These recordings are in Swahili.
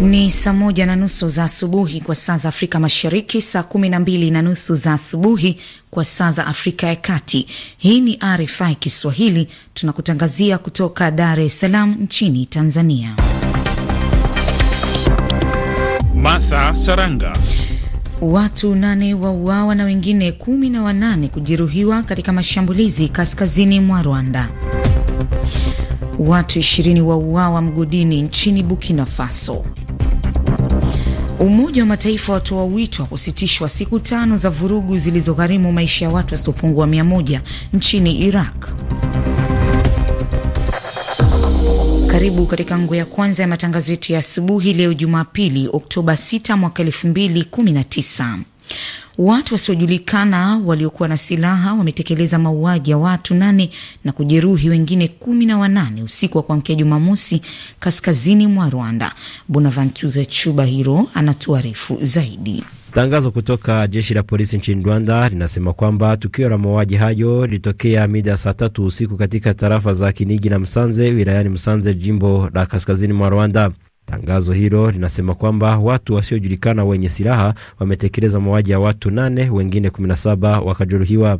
Ni saa moja na nusu za asubuhi kwa saa za Afrika Mashariki, saa kumi na mbili na nusu za asubuhi kwa saa za Afrika ya Kati. Hii ni RFI Kiswahili, tunakutangazia kutoka Dar es Salaam nchini Tanzania. Martha Saranga. Watu nane wauawa na wengine kumi na wanane kujeruhiwa katika mashambulizi kaskazini mwa Rwanda. Watu ishirini wauawa mgodini nchini Burkina Faso. Umoja wa Mataifa watoa wito wa kusitishwa siku tano za vurugu zilizogharimu maisha ya watu wasiopungua mia moja nchini Iraq. Karibu katika ngo ya kwanza ya matangazo yetu ya asubuhi leo Jumapili, Oktoba 6 mwaka 2019. Watu wasiojulikana waliokuwa na silaha wametekeleza mauaji ya watu nane na kujeruhi wengine kumi na wanane usiku wa kuamkia Jumamosi kaskazini mwa Rwanda. Bonaventure Chubahiro anatuarifu zaidi. Tangazo kutoka jeshi la polisi nchini Rwanda linasema kwamba tukio la mauaji hayo lilitokea mida ya saa tatu usiku katika tarafa za Kinigi na Msanze wilayani Msanze, jimbo la kaskazini mwa Rwanda. Tangazo hilo linasema kwamba watu wasiojulikana wenye silaha wametekeleza mauaji ya watu nane, wengine 17 wakajeruhiwa.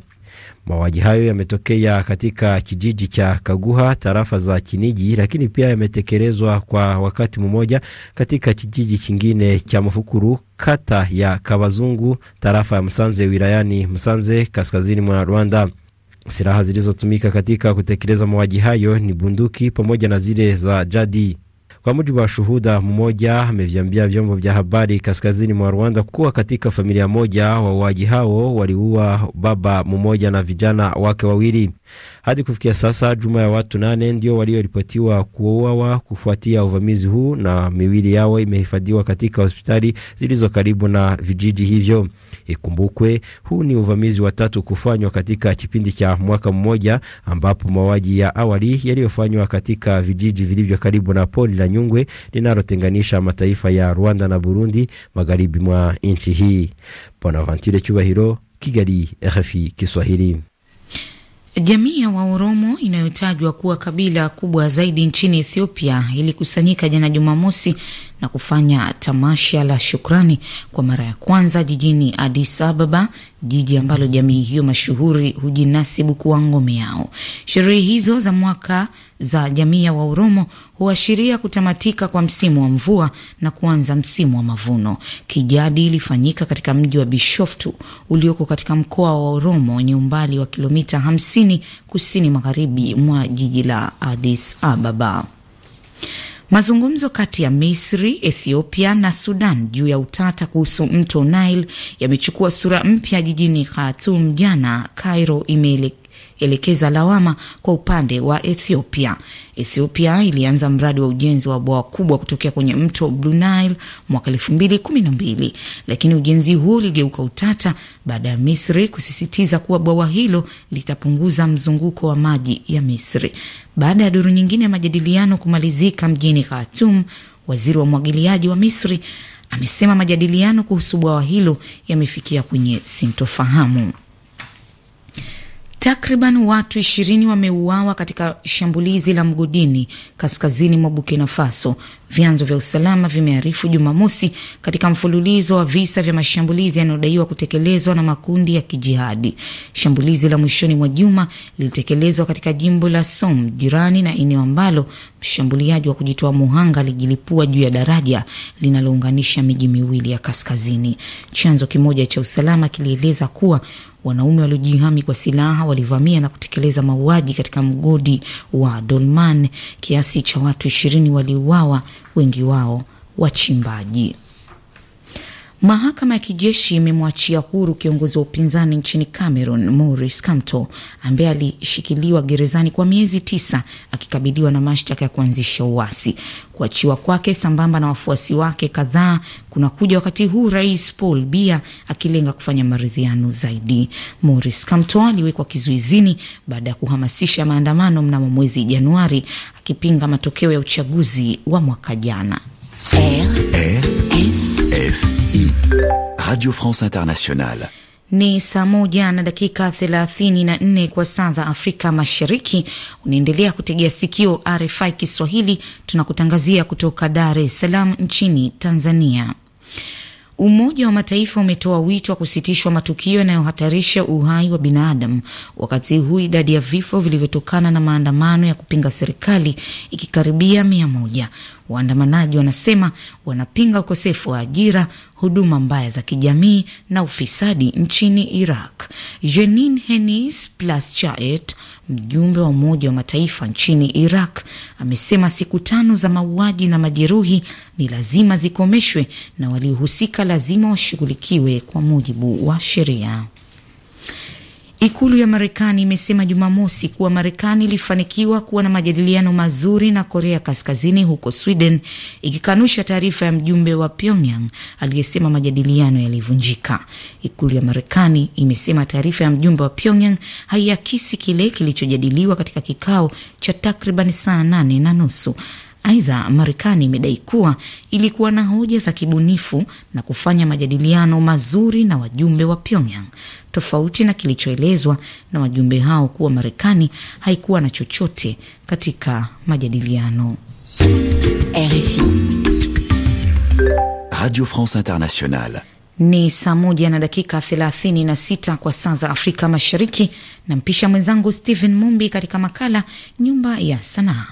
Mauaji hayo yametokea katika kijiji cha Kaguha, tarafa za Kinigi, lakini pia yametekelezwa kwa wakati mmoja katika kijiji kingine cha Mafukuru, kata ya Kabazungu, tarafa ya Msanze, wilayani Msanze, kaskazini mwa Rwanda. Silaha zilizotumika katika kutekeleza mauaji hayo ni bunduki pamoja na zile za jadi. Kwa mujibu wa shuhuda mmoja, ameviambia vyombo vya habari kaskazini mwa Rwanda kuwa katika familia moja wauaji hao waliua baba mmoja na vijana wake wawili. Hadi kufikia sasa, jumla ya watu nane ndio walioripotiwa kuuawa kufuatia uvamizi huu, na miwili yao imehifadhiwa katika hospitali zilizo karibu na vijiji hivyo. Ikumbukwe, huu ni uvamizi wa tatu kufanywa katika kipindi cha mwaka mmoja, ambapo mauaji ya awali yaliyofanywa katika vijiji vilivyo karibu na poli la Nyungwe linalotenganisha mataifa ya Rwanda na Burundi magharibi mwa nchi hii. Bonaventure Chubahiro, Kigali, RFI Kiswahili. Jamii ya Waoromo inayotajwa kuwa kabila kubwa zaidi nchini Ethiopia ilikusanyika jana Jumamosi na kufanya tamasha la shukrani kwa mara ya kwanza jijini Addis Ababa, jiji ambalo jamii hiyo mashuhuri hujinasibu kuwa ngome yao. Sherehe hizo za mwaka za jamii ya Waoromo huashiria kutamatika kwa msimu wa mvua na kuanza msimu wa mavuno. Kijadi ilifanyika katika mji wa Bishoftu ulioko katika mkoa wa Oromo wenye umbali wa kilomita 50 kusini magharibi mwa jiji la Addis Ababa. Mazungumzo kati ya Misri, Ethiopia na Sudan juu ya utata kuhusu mto Nile yamechukua sura mpya jijini Khartoum jana. Cairo elekeza lawama kwa upande wa Ethiopia. Ethiopia ilianza mradi wa ujenzi wa bwawa kubwa kutokea kwenye mto Blue Nile mwaka elfu mbili kumi na mbili, lakini ujenzi huo uligeuka utata baada ya Misri kusisitiza kuwa bwawa hilo litapunguza mzunguko wa maji ya Misri. Baada ya duru nyingine ya majadiliano kumalizika mjini Khartoum, waziri wa umwagiliaji wa Misri amesema majadiliano kuhusu bwawa hilo yamefikia kwenye sintofahamu. Takriban watu ishirini wameuawa katika shambulizi la mgodini kaskazini mwa Burkina Faso, vyanzo vya usalama vimearifu Jumamosi, katika mfululizo wa visa vya mashambulizi yanayodaiwa kutekelezwa na makundi ya kijihadi. Shambulizi la mwishoni mwa juma lilitekelezwa katika jimbo la Som, jirani na eneo ambalo mshambuliaji wa kujitoa muhanga alijilipua juu ya daraja linalounganisha miji miwili ya kaskazini. Chanzo kimoja cha usalama kilieleza kuwa Wanaume waliojihami kwa silaha walivamia na kutekeleza mauaji katika mgodi wa Dolman. Kiasi cha watu ishirini waliuawa, wengi wao wachimbaji. Mahakama ya kijeshi imemwachia huru kiongozi wa upinzani nchini Cameroon, Maurice Kamto, ambaye alishikiliwa gerezani kwa miezi tisa akikabiliwa na mashtaka ya kuanzisha uasi. Kuachiwa kwake sambamba na wafuasi wake kadhaa kunakuja wakati huu Rais Paul Biya akilenga kufanya maridhiano zaidi. Maurice Kamto aliwekwa kizuizini baada ya kuhamasisha maandamano mnamo mwezi Januari akipinga matokeo ya uchaguzi wa mwaka jana. F Radio France Internationale. Ni saa moja na dakika thelathini na nne kwa saa za Afrika Mashariki. Unaendelea kutegea sikio RFI Kiswahili, tunakutangazia kutoka Dar es Salaam nchini Tanzania. Umoja wa Mataifa umetoa wito wa kusitishwa matukio yanayohatarisha uhai wa binadamu, wakati huu idadi ya vifo vilivyotokana na maandamano ya kupinga serikali ikikaribia mia moja. Waandamanaji wanasema wanapinga ukosefu wa ajira, huduma mbaya za kijamii na ufisadi nchini Iraq. Jenin Henis Plaschaert, mjumbe wa Umoja wa Mataifa nchini Iraq, amesema siku tano za mauaji na majeruhi ni lazima zikomeshwe na waliohusika lazima washughulikiwe kwa mujibu wa sheria. Ikulu ya Marekani imesema Jumamosi kuwa Marekani ilifanikiwa kuwa na majadiliano mazuri na Korea Kaskazini huko Sweden, ikikanusha taarifa ya mjumbe wa Pyongyang aliyesema majadiliano yalivunjika. Ikulu ya Marekani imesema taarifa ya mjumbe wa Pyongyang haiakisi kile kilichojadiliwa katika kikao cha takriban saa nane na nusu Aidha, Marekani imedai kuwa ilikuwa na hoja za kibunifu na kufanya majadiliano mazuri na wajumbe wa Pyongyang, tofauti na kilichoelezwa na wajumbe hao kuwa Marekani haikuwa na chochote katika majadiliano. RFI Radio France Internationale. Ni saa moja na dakika 36 kwa saa za Afrika Mashariki. Nampisha mwenzangu Stephen Mumbi katika makala Nyumba ya Sanaa.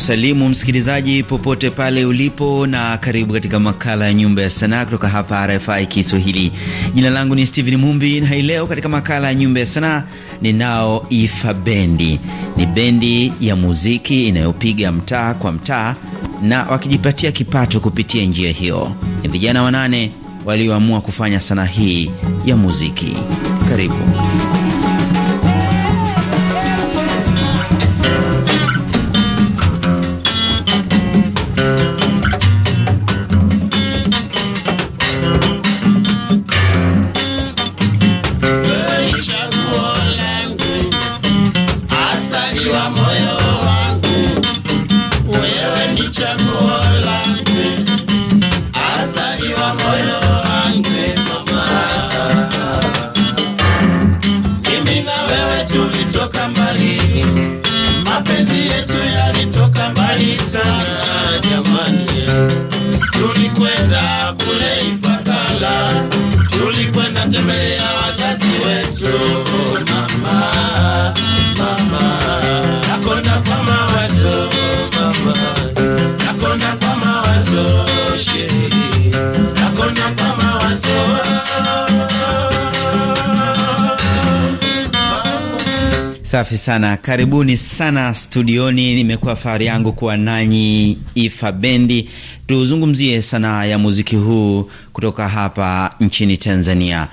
kusalimu msikilizaji popote pale ulipo, na karibu katika makala ya Nyumba ya Sanaa kutoka hapa RFI Kiswahili. Jina langu ni Steven Mumbi, na hii leo katika makala ya Nyumba ya Sanaa ninao Ifa Bendi. Ni bendi ya muziki inayopiga mtaa kwa mtaa na wakijipatia kipato kupitia njia hiyo. Ni vijana wanane walioamua kufanya sanaa hii ya muziki. Karibu. I know. Safi sana, karibuni sana studioni. Nimekuwa fahari yangu kuwa nanyi Ifa Bendi, tuzungumzie sanaa ya muziki huu kutoka hapa nchini Tanzania.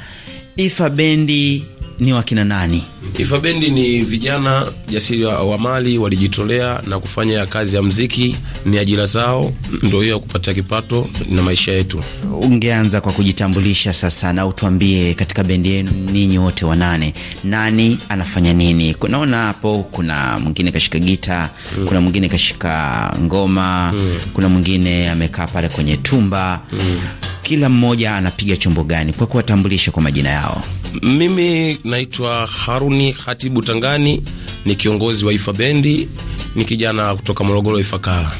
Ifa Bendi ni wakina nani? Ifa Bendi ni vijana jasiri wa mali walijitolea na kufanya kazi ya mziki, ni ajira zao, ndio hiyo ya kupata kipato na maisha yetu. Ungeanza kwa kujitambulisha sasa na utuambie katika bendi yenu ninyi wote wanane, nani anafanya nini? kunaona hapo kuna mwingine kashika gita mm. kuna mwingine kashika ngoma mm. kuna mwingine amekaa pale kwenye tumba mm. kila mmoja anapiga chombo gani? Kwa kuwatambulisha kwa majina yao. Mimi naitwa Haruni Hatibu Tangani, ni kiongozi wa Ifa Bendi, ni kijana kutoka Morogoro Ifakara,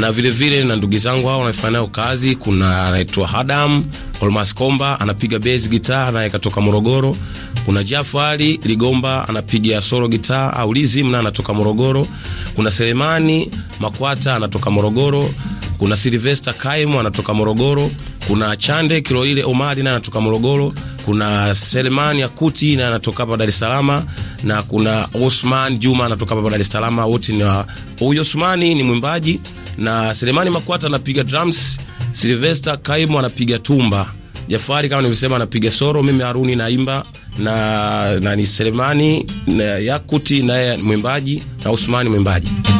na vilevile vile, na ndugu zangu hao wanafanya nayo kazi. Kuna anaitwa Hadam Olmas Komba anapiga base gitaa, naye katoka Morogoro. Kuna Jafari Ligomba anapiga solo gitaa au lizim, na anatoka Morogoro. Kuna Selemani Makwata anatoka Morogoro. Kuna Silvester Kaimu anatoka Morogoro kuna Chande Kiloile Omari naye anatoka Morogoro, kuna Selemani Akuti naye anatoka hapa Dar es Salaam, na kuna Osman Juma anatoka hapa Dar es Salaam. Wote ni huyo, Osmani ni mwimbaji na Selemani Makwata anapiga drums, Silvester Kaimu anapiga tumba, Jafari kama nilivyosema anapiga soro, mimi Haruni naimba na, na ni Selemani na Yakuti naye mwimbaji na Usmani mwimbaji. na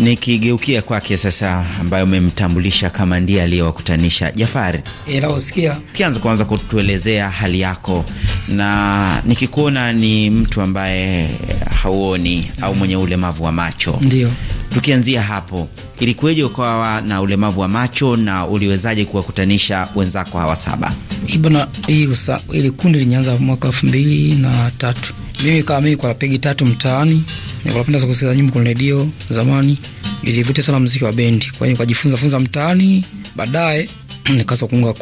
Nikigeukia kwake sasa, ambayo umemtambulisha kama ndiye aliyewakutanisha Jafari, nausikia kianza kuanza kutuelezea hali yako, na nikikuona ni mtu ambaye hauoni au mm. mwenye ulemavu wa macho, ndio tukianzia hapo, ilikuweje ukawa na ulemavu wa macho na uliwezaje kuwakutanisha wenzako hawa saba? Hii usa, ili kundi lilianza mwaka elfu mbili na tatu mimi kama mimi kwa pegi tatu mtaani, napenda sana kusikiliza nyimbo kwenye redio. Zamani ilivute sana muziki wa bendi, kwa hiyo nikajifunza funza mtaani, baadaye nikaanza kuunga,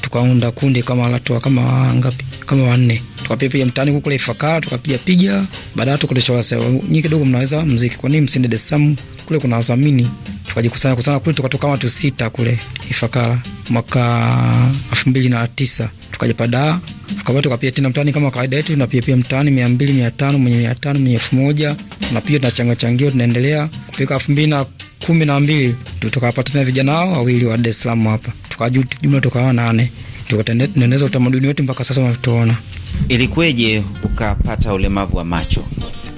tukaunda kundi kama watu kama ngapi, kama wanne, tukapiga pia mtaani kule Ifakara, tukapiga piga, baadaye tukalishwa wasa nyingi kidogo mnaweza muziki, kwa nini msinde desamu Kule kuna wadhamini, tukajikusanya kusana kule, tukatoka watu sita kule Ifakara mwaka 2009 mbili kwa tukapia tena mtaani kama kawaida yetu, tunapia pia mtaani 200, 500, mwenye 500, mwenye 1000, pia tunachanga changio, tunaendelea kupika 2012 tukapata tena vijana hao wawili wa Dar es Salaam hapa, jumla tukawa nane, tukatengeneza utamaduni wetu mpaka sasa unatuona. Ilikweje ukapata ulemavu wa macho?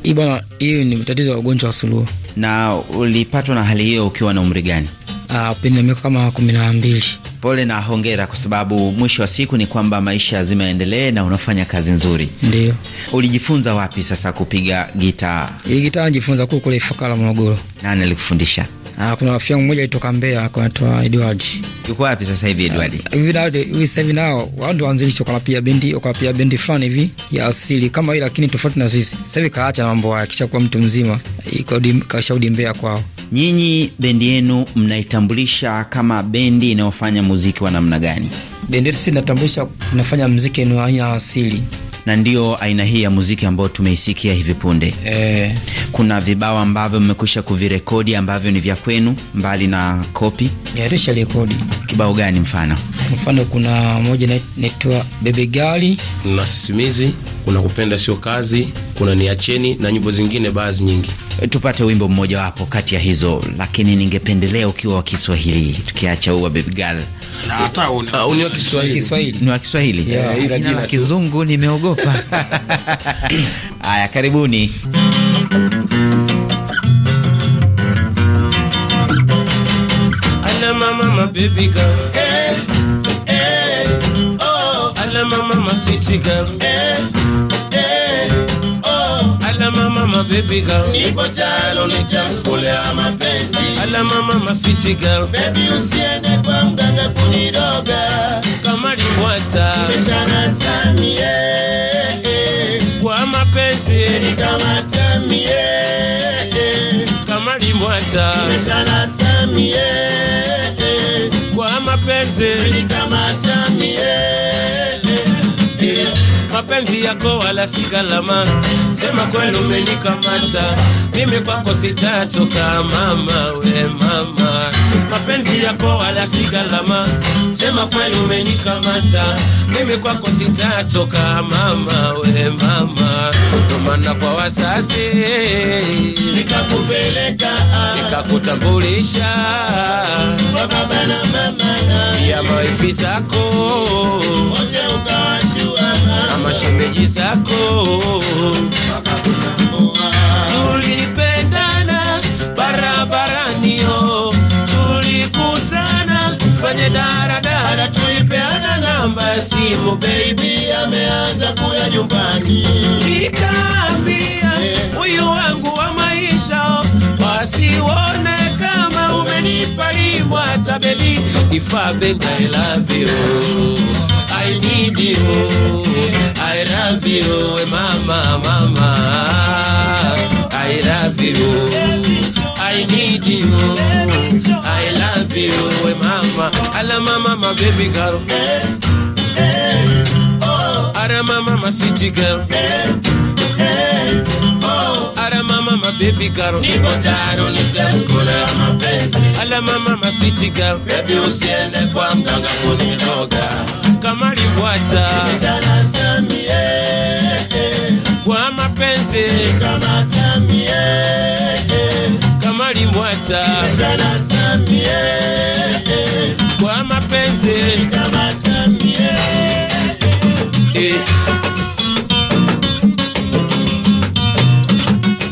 Hii bwana, hii ni tatizo la ugonjwa wa suluhu. Na ulipatwa na hali hiyo ukiwa na umri gani? upindi ah, na miaka kama kumi na mbili. Pole na hongera, kwa sababu mwisho wa siku ni kwamba maisha lazima yaendelee na unafanya kazi nzuri. Ndio. ulijifunza wapi sasa kupiga gitaa? Hii gitaa najifunza kule Ifakara, Morogoro. Nani alikufundisha? Ah, kuna rafiki yangu mmoja alitoka Mbeya anaitwa Edward. Yuko wapi sasa hivi Edward? Ah, hivi nao hivi sasa hivi nao wao ndio wanzilisho kwa pia bendi, kwa pia bendi fulani hivi ya asili kama ile lakini tofauti na sisi. Sasa hivi kaacha mambo yake kisha kuwa mtu mzima, kashaudi Mbeya kwao. Nyinyi bendi yenu mnaitambulisha kama bendi inayofanya muziki wa namna gani? Bendi yetu sisi natambulisha tunafanya muziki wa aina asili na ndio aina hii ya muziki ambayo tumeisikia hivi punde e. Kuna vibao ambavyo mmekwisha kuvirekodi ambavyo ni vya kwenu mbali na kopi ya rekodi. Kibao gani mfano? Mfano kuna moja inaitwa Bebe gari na sisimizi, kuna kupenda sio kazi, kuna niacheni na nyimbo zingine baadhi nyingi. Eh, tupate wimbo mmoja wapo kati ya hizo, lakini ningependelea ukiwa wa Kiswahili tukiacha uwa Bebe gari na hata ni ah, wa Kiswahili, ni wa Kiswahili. Jina la kizungu nimeogopa. Haya, karibuni. Ala mama my baby girl. Hey, eh, eh, hey, oh. Ala mama my girl. Hey, eh, hey, oh. Ala mama my baby girl. Nipo chalo ni Ala mama my girl. Baby mganga kuniroga kama limbwata kesana samie kwa mapenzi nikamata mie kama limbwata kesana samie kwa mapenzi nikamata mie mapenzi yako wala si galama. Sema kweli umenikamata mimi, kwako sitatoka mama, we mama, mapenzi yako wala si galama. Sema kweli umenikamata mimi, kwako sitatoka mama, we mama, Tumana kwa wasasi nikakupeleka nikakutambulisha kwa baba na mama na ya maifisa zako wote ukawajua na mashemeji zako tulipendana barabaranio tulikutana kwenye daradara tulipeana namba ya simu baby ameanza kuya nyumbani nikaambia eh. huyu yeah. wangu wa maisha wasione kama umenipa limwa tabebi ifabenga elavyo I need you. I love you, mama, mama. I love you. I need you. I love you, mama. I love my baby girl. I love my mama, city girl. Ara mama my baby girl Ni taro ni steps kule ya mapenzi Ala mama my city girl Baby usiende kwa mganga kuniroga kamali bwacha kwa mapenzi kamali bwacha kwa mapenzi eh.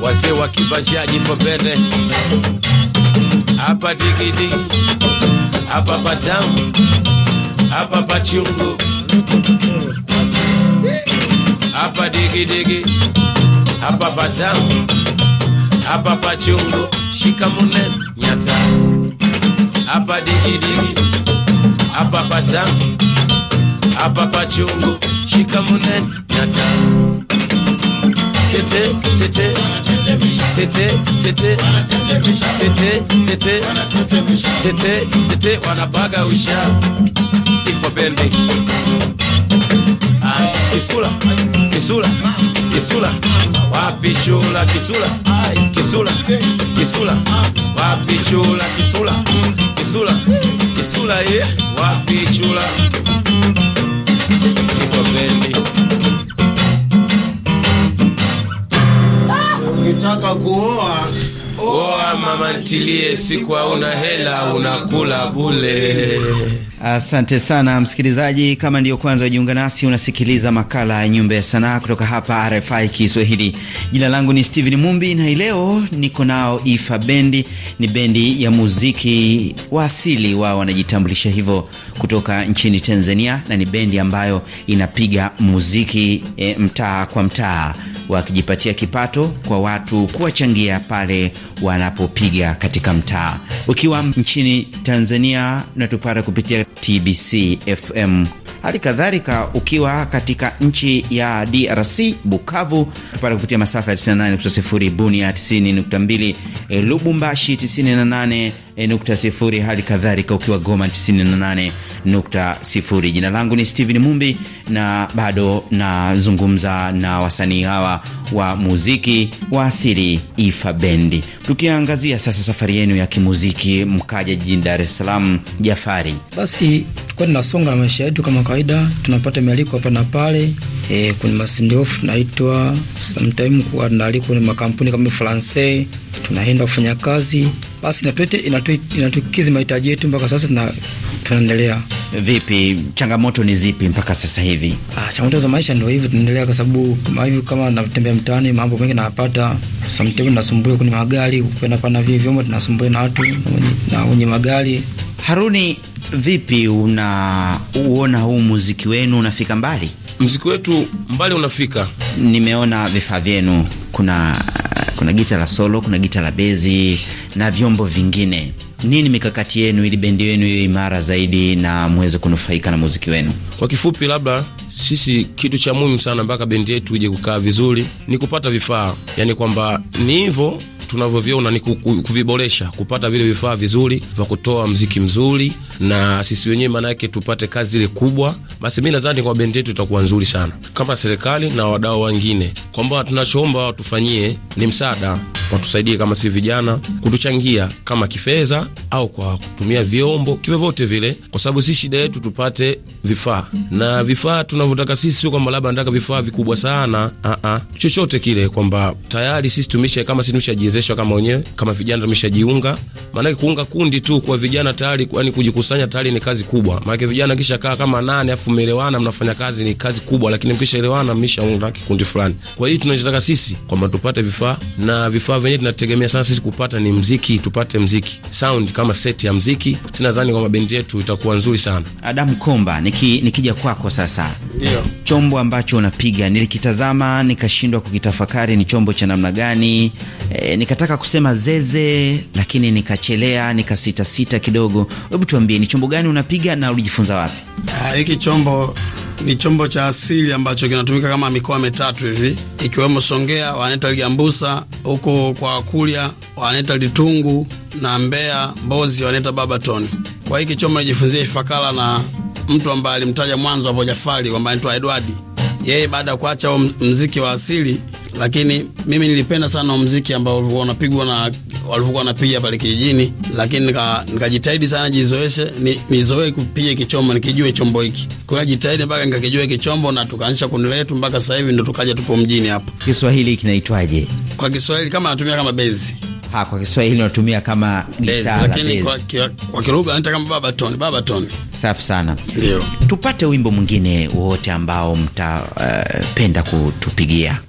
wazee wa kibajaji fobele hapa digidi hapa patamu Apa Bachirungo. Apa Digi Digi. Abba Batang. Abba Bachirungo. Shikamunen. Nyata. Apa Digi Digi. Abba Batang. Abba Bachirungo. Shikamunen. Nyata. Tete, tete. tete tete tete tete tete tete wanabaga usha ifo bembe kisula kisula kisula wapi shula kisula kisula kisula wapi shula kisula kisula kisula ye wapi shula ifo bembe ukitaka kuoa oa, mama ntilie, siku hauna hela unakula bule. Asante sana msikilizaji, kama ndiyo kwanza ujiunga nasi, unasikiliza makala ya Nyumba ya Sanaa kutoka hapa RFI Kiswahili. Jina langu ni Steven Mumbi na leo niko nao Ifa Bendi. Ni bendi ya muziki wa asili, wao wanajitambulisha hivyo, kutoka nchini Tanzania, na ni bendi ambayo inapiga muziki e, mtaa kwa mtaa, wakijipatia kipato kwa watu, kuwachangia pale wanapopiga katika mtaa. Ukiwa nchini Tanzania natupata kupitia TBC FM Hali kadhalika ukiwa katika nchi ya DRC, Bukavu pale kupitia masafa ya 98.0, Bunia 90.2, eh, Lubumbashi 98.0, hali kadhalika ukiwa Goma 98.0. Jina langu ni Steven Mumbi na bado nazungumza na wasanii hawa wa muziki wa asili Ifa Bendi, tukiangazia sasa safari yenu ya kimuziki mkaja jijini Dar es Salaam. Jafari, basi kwani nasonga na maisha yetu kama kawaida tunapata mialiko hapa na pale e, kwenye masindofu tunaitwa sometime, kuwa tunaalikwa kwenye makampuni kama franse tunaenda kufanya kazi, basi inatukizi mahitaji yetu mpaka sasa tuna, tunaendelea. Vipi, changamoto ni zipi mpaka sasa hivi? Ah, changamoto za maisha ndio hivyo, tunaendelea kwa sababu kama hivi kama natembea mtaani, mambo mengi nayapata sometimes nasumbuliwa kwenye magari, kupenda pana vile vyombo, tunasumbuliwa na watu na wenye magari Haruni, vipi unauona huu muziki wenu unafika mbali? Muziki wetu mbali unafika. Nimeona vifaa vyenu, kuna kuna gita la solo, kuna gita la bezi na vyombo vingine. Nini mikakati yenu ili bendi yenu iwe imara zaidi na muweze kunufaika na muziki wenu? Kwa kifupi, labda sisi, kitu cha muhimu sana mpaka bendi yetu ije kukaa vizuri ni kupata vifaa, yaani kwamba ni hivyo tunavyoviona ni kuviboresha, kupata vile vifaa vizuri vya kutoa mziki mzuri, na sisi wenyewe maana yake tupate kazi ile kubwa. Basi mimi nadhani kwa bendi yetu itakuwa nzuri sana, kama serikali na wadau wengine, kwamba tunachoomba watufanyie ni msaada watusaidie kama si vijana, kutuchangia kama kifedha au kwa kutumia vyombo kivyovyote vile, kwa sababu si shida yetu tupate vifaa na vifaa tunavyotaka sisi, sio kwamba labda nataka vifaa vikubwa sana a a chochote kile, kwamba tayari sisi tumisha kama sisi tumeshajiwezesha kama wenyewe kama vijana tumeshajiunga. Maanake kuunga kundi tu kwa vijana tayari, yani kujikusanya tayari ni kazi kubwa. Maanake vijana kisha kaa kama nane afu mmeelewana, mnafanya kazi ni kazi kubwa, lakini mkishaelewana mmeshaunga kikundi fulani. Kwa hiyo tunachotaka sisi kwamba tupate vifaa na vifaa venyewe tunategemea sana sisi kupata ni mziki, tupate mziki sound kama set ya mziki. Sinadhani kwamba bendi yetu itakuwa nzuri sana. Adam Komba, niki, nikija kwako sasa, ndio chombo ambacho unapiga nilikitazama nikashindwa kukitafakari ni chombo cha namna gani. E, nikataka kusema zeze lakini nikachelea nikasitasita kidogo. Hebu tuambie ni chombo gani unapiga na ulijifunza wapi? Ah, hiki chombo ni chombo cha asili ambacho kinatumika kama mikoa mitatu hivi, ikiwemo Songea wanaita Ligambusa, huko kwa Wakulya wanaita Litungu na Mbeya Mbozi wanaita Babatoni. Kwa hiki chombo najifunzia Ifakala na mtu ambaye alimtaja mwanzo hapo Jafari kwamba anaitwa Edwardi, yeye baada ya kuacha um, mziki wa asili lakini mimi nilipenda sana mziki ambao unapigwa na walivyokuwa wanapiga pale kijijini, lakini nikajitahidi nika sana jizoeshe, nizoee ni kupiga kichombo, nikijue chombo hiki. Kwa hiyo jitahidi mpaka nikakijua kichombo na tukaanisha kundi letu mpaka sasa hivi ndo tukaja tupo mjini hapa. Kiswahili kinaitwaje? Kwa Kiswahili kama natumia kama bezi. Ha, kwa Kiswahili natumia kama gitaa, lakini kwa, kwa, kwa kilugha anaita kama baba toni. safi sana. Ndio tupate wimbo mwingine wowote ambao mtapenda eh, uh, kutupigia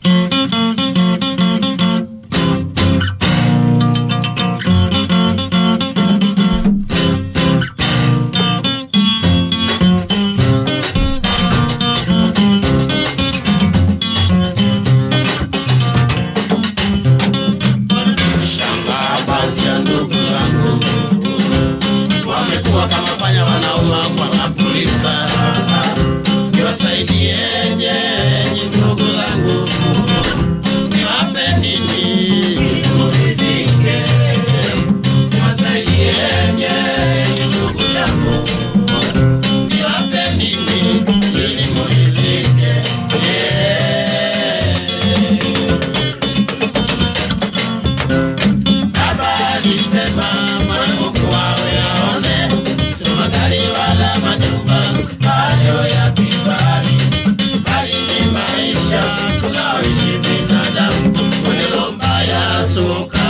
suka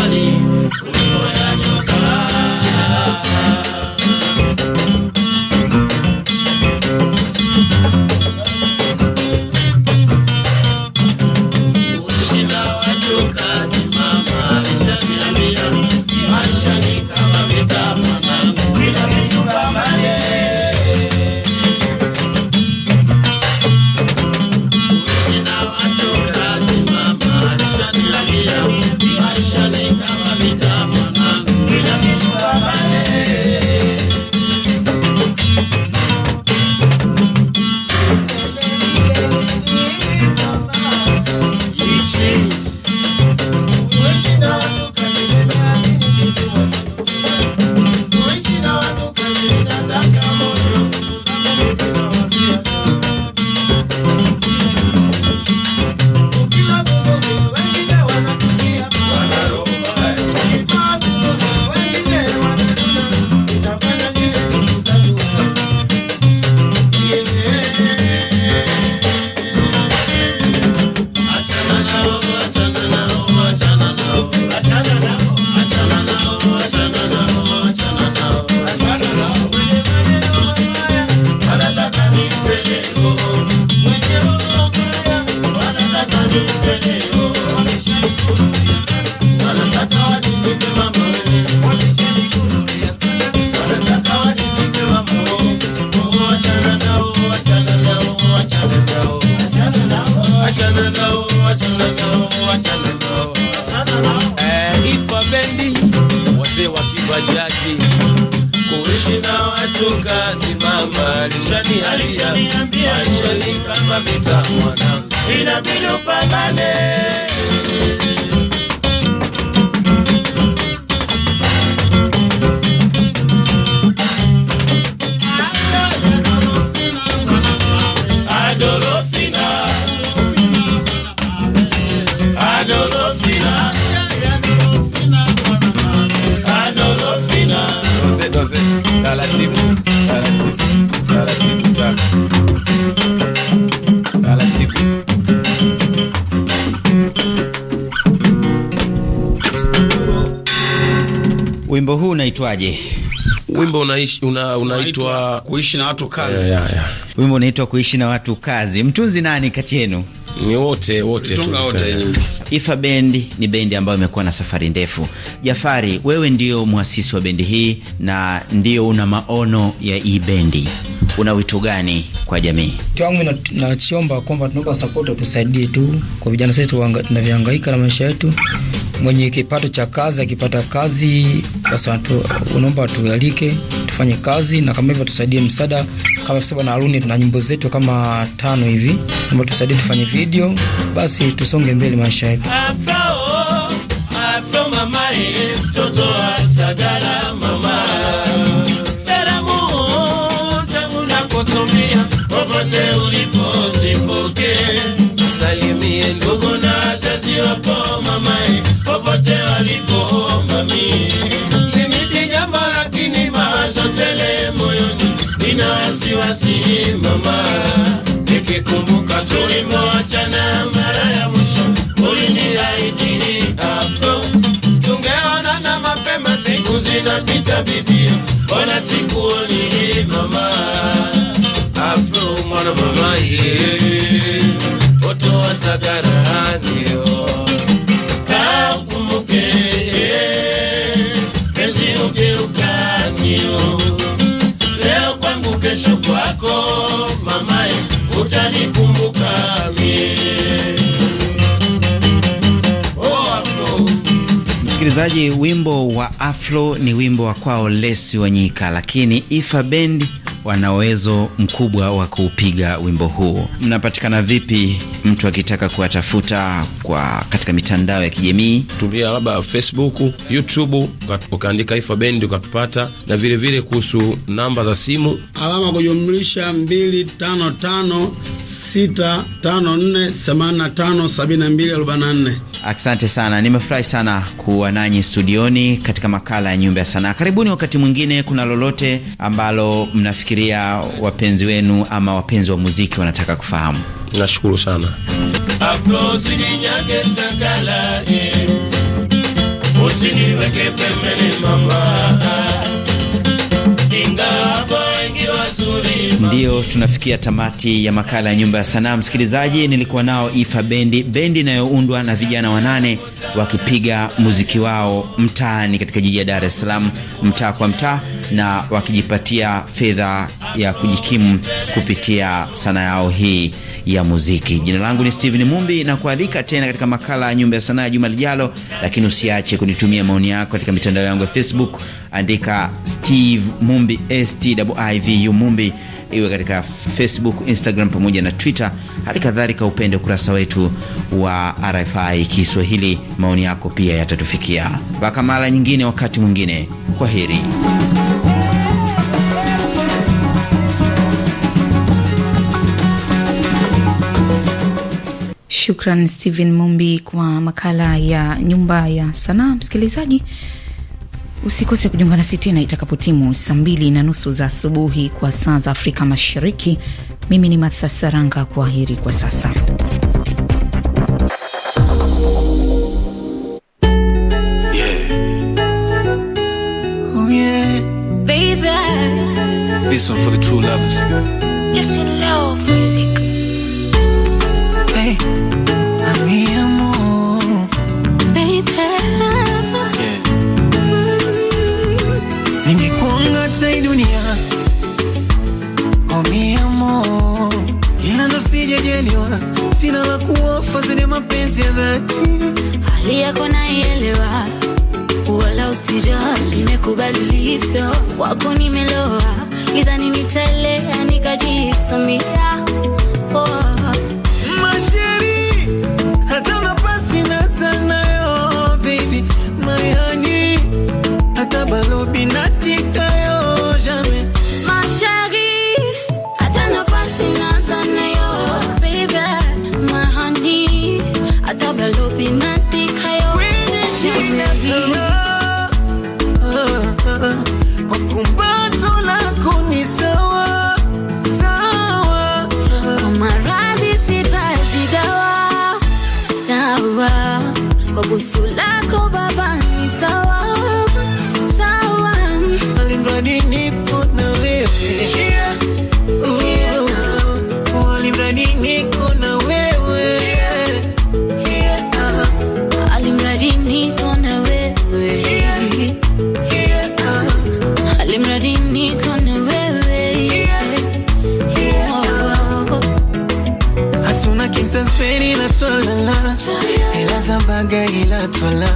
alishaniambia shoni kama vita mwanangu inabidi upambane wimbo huu unaitwaje? Wimbo unaishi una, unaitwa kuishi na watu kazi. Yeah, yeah, yeah. Wimbo unaitwa kuishi na watu kazi. Mtunzi nani kati yenu? Ni wote wote tu. Ifa bendi ni bendi ambayo imekuwa na safari ndefu. Jafari, wewe ndio mwasisi wa bendi hii na ndio una maono ya hii bendi, una wito gani kwa jamii? Tangu nachiomba kwamba tunaomba support, tusaidie tu kwa vijana sisi tunavyohangaika na maisha yetu mwenye kipato cha kazi akipata kazi, basi unaomba tualike tufanye kazi, na kama hivyo tusaidie msaada kama sasa bwana Haruni, tuna nyimbo zetu kama tano hivi, naomba tusaidie tufanye video, basi tusonge mbele maisha yetu. Afro salimie ndugu na wako mama, nikikumbuka tulivyoachana mara ya mwisho, uliniahidi afro, tungeonana mapema, siku zinapita bibia, ona sikuoni mama, afro mwana mama, ye yeah. otowa sagarani Oh, Msikilizaji, wimbo wa Afro ni wimbo wa kwao Lesi Wanyika, lakini Ifa Bendi wana uwezo mkubwa wa kuupiga wimbo huo. Mnapatikana vipi mtu akitaka kuwatafuta kwa katika mitandao ya kijamii? Tumia labda Facebook, YouTube, ukaandika Ifa Band ukatupata, na vile vile kuhusu namba za simu alama kujumlisha 255654857244. Asante sana, nimefurahi sana kuwa nanyi studioni katika makala ya Nyumba ya Sanaa. Karibuni wakati mwingine. Kuna lolote ambalo mnafikiria wapenzi wenu ama wapenzi wa muziki wanataka kufahamu? Nashukuru sana Afro sakala eh. Usiniweke pembeni mama Ndiyo tunafikia tamati ya makala ya Nyumba ya Sanaa. Msikilizaji, nilikuwa nao Ifa Bendi, bendi inayoundwa na vijana wanane wakipiga muziki wao mtaani katika jiji ya Dar es Salaam, mtaa kwa mtaa, na wakijipatia fedha ya kujikimu kupitia sanaa yao hii ya muziki. Jina langu ni Steven Mumbi na kualika tena katika makala ya Nyumba ya Sanaa juma lijalo, lakini usiache kunitumia maoni yako katika mitandao yangu ya Facebook, andika Steve Mumbi, Stivu Mumbi, iwe katika Facebook, Instagram pamoja na Twitter. Hali kadhalika upende ukurasa wetu wa RFI Kiswahili, maoni yako pia yatatufikia. Mpaka mara nyingine, wakati mwingine, kwa heri. Shukran Stephen Mumbi kwa makala ya nyumba ya sanaa. Msikilizaji, usikose kujiunga nasi tena itakapotimu saa mbili na nusu za asubuhi kwa saa za Afrika Mashariki. Mimi ni Martha Saranga, kwaheri kwa sasa. hata hii dunia omiamo, ila ndo sijajelewa, sina la kuofa zaidi ya mapenzi ya dhati. Hali yako naielewa, wala usijali, nimekubali ulivyo, wako nimeloa, idhani nitaelea nikajisomia oh. baby my honey, hata balo yako baba ni sawa sawa, alimradi nipo na wewe swala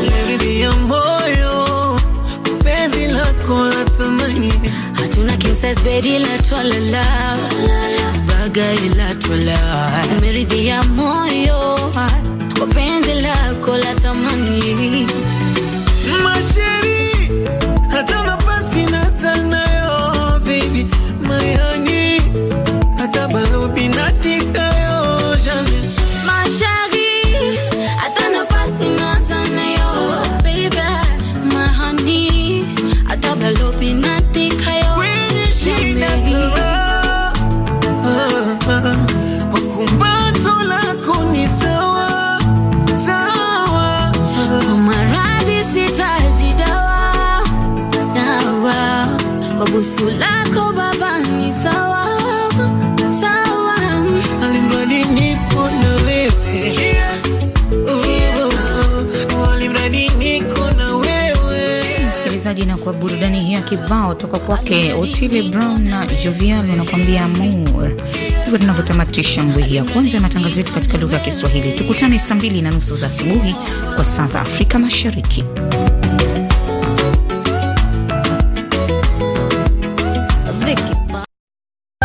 nimeridhia moyo penzi lako la thamani, hatuna kinsesbedi la twalala bagai la twala, nimeridhia moyo penzi lako la thamani msikilizaji. Na burudani hiyo ya kibao toka kwake Otile Brown na Jovial wanakuambia Amor, hivyo tunavyotamatisha mbwehi ya kwanza ya matangazo yetu katika lugha ya Kiswahili. Tukutane saa mbili na nusu za asubuhi kwa saa za Afrika Mashariki.